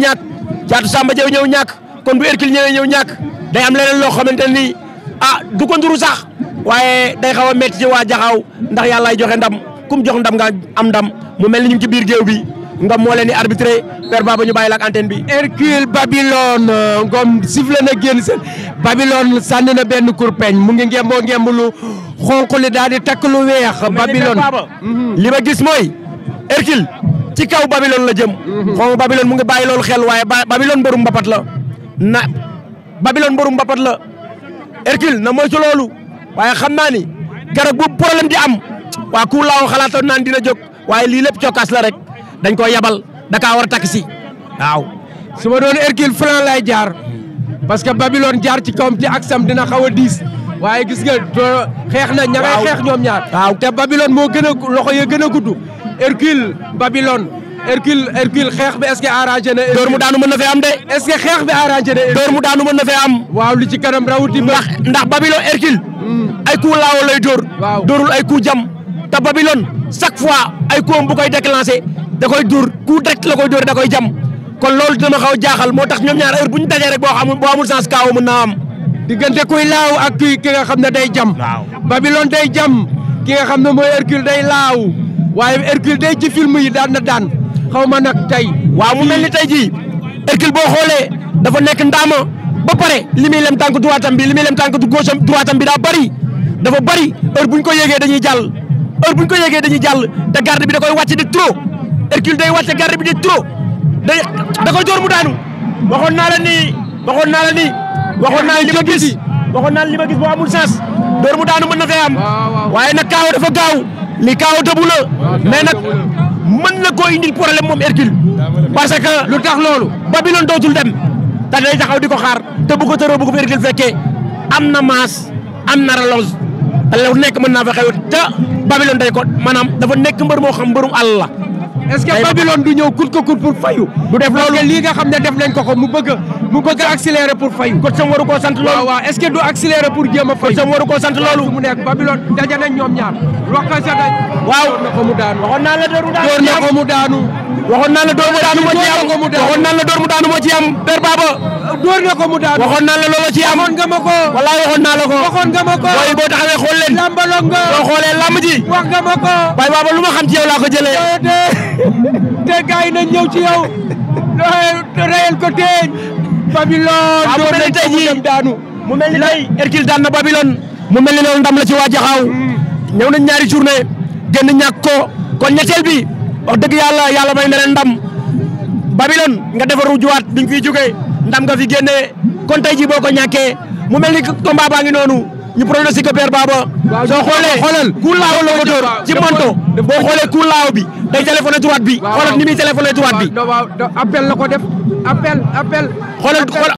ñàkk caatu Samba Diaw ñëw ñàkk kon bu Hercule ñëwee ñëw ñàkk day am leneen loo xamante ni ah du ko nduru sax waaye day xaw a métti ci waa jaxaw ndax yàllaay joxe ndam kum jox ndam nga am ndam mu mel ni ñu ngi ci biir géew bi ngom moo leen di arbitré père Baba ñu bàyyi la ak antenne bi. Hercule Babylone ngom sifflé na génn seen Babylone sànni na benn kurpeñ mu ngi ngemboo ngembulu xonq li daal di takk lu weex. Babylone mhm. li ma gis mooy Hercule ci kaw Babylone la jëm. Mhm. xaw ma mu ngi bàyyi loolu xel waaye Babylone mbërum mbapat la na Babylone mbërum mbapat la Hercule na moytu loolu waaye xam naa ni garab bu problème di am waa ku laaw xalaatoon naan dina jóg waaye lii lépp cokaas la rek dañ koo yabal da kaa war a takk si waaw. su ma doon Hercule Franc lay jaar parce que Babylone jaar ci kawam ci ak sam dina xaw a diis waaye gis nga xeex na ña ngay xeex ñoom ñaar. waaw te Babylone moo gën a loxo ya gën a gudd. Hercule Babylone Hercule Hercule xeex bi est-ce que arrangé na. door mu daanu mën na fee am de. est-ce que xeex bi arrangé na. door mu daanu mën na fee am. waaw li ci kanam rawati ndax ndax Babylone Hercule. Hmm. ay coup laaw lay door. waaw doorul ay coup jam. te Babylone chaque fois ay coup am bu koy déclenché da koy dóor coup direct la koy dóor da koy jam kon loolu dama xaw jaaxal moo tax ñoom ñaar heure bu ñu dajee rek boo xam boo amul sens kaaw mën naa am. diggante kuy laaw ak ki ki nga xam ne day jam. Babylone day jam ki nga xam ne mooy Hercule day laaw waaye Hercule day ci film yi daan na daan xaw ma nag tay waaw mu mel ni tey jii Hercule boo xoolee dafa nekk ndaama ba pare li muy lem tànk droitam bi li muy lem tànk gauche droitam bi daa bari dafa bari heure bu ñu ko yéegee dañuy jàll heure bu ko yéegee dañuy jàll te garde bi da koy wàcce di trop Hercule day wàcce garde bi di trop day da koy door mu daanu waxoon naa la ni. waxoon naa la ni waxoon naa li ma gis waxoon naa la ma gis boo amul sens door mu daanu mën na fee am waaye na kaaw dafa gaaw li kaaw tëbu la mais nag mën na koo indil problème moom Hercule parce que lu tax loolu Babylone dootul dem te day taxaw di ko xaar te bu ko tëroo bu ko fi Hercule am na maas am na relance te lu nekk mën naa fa xew te Babylone day ko maanaam dafa nekk mbër moo xam mbërum àll la est-ce que Babylone du ñëw kut ko kut pour fayu. du def loolu parce que lii nga xam ne def nañ ko mu bëgg mu bëgg a accélérer fayu. kon sam waru sant loolu. waaw waaw du accélérer pour jéem a fayu. kon sam waru sant loolu. mu nekk Babylone daje nañ ñoom ñaar. wax ka sa dañ. na mu daanu. waxoon naa la door mu daanu moo ci am waxoon naa la door mu daanu moo ci am Père Baba door ko mu daanu waxoon la looloo ci am waxoon nga la ko waxoon nga ma ko xool leen lambalong nga boo xoolee lamb ji lu ma xam ci yow laa ko jëlee te gars nañ ñëw ci yow reyal ko teeñ Babylone ah, door na tey ji daanu mel daan na Babylone mu mel ni loolu ndam la ci waa Jaxaaw mm. ñëw nañ ñaari journée génn ñàkk ko kon ñetteel bi wax dëgg yàlla yàlla may na leen ndam Babylone nga defaru juwaat bi nga fiy jógee ndam nga fi génnee kon tey jii boo ko ñàkkee mu mel ni combat baa ngi noonu ñu pronostiqué Père Baba soo xoolee ku laaw la ko dóor ci monto boo xoolee ku laaw bi day téléphoné droite bi xoolal ni muy téléphoné droite bi appel la ko def appel appel xoolal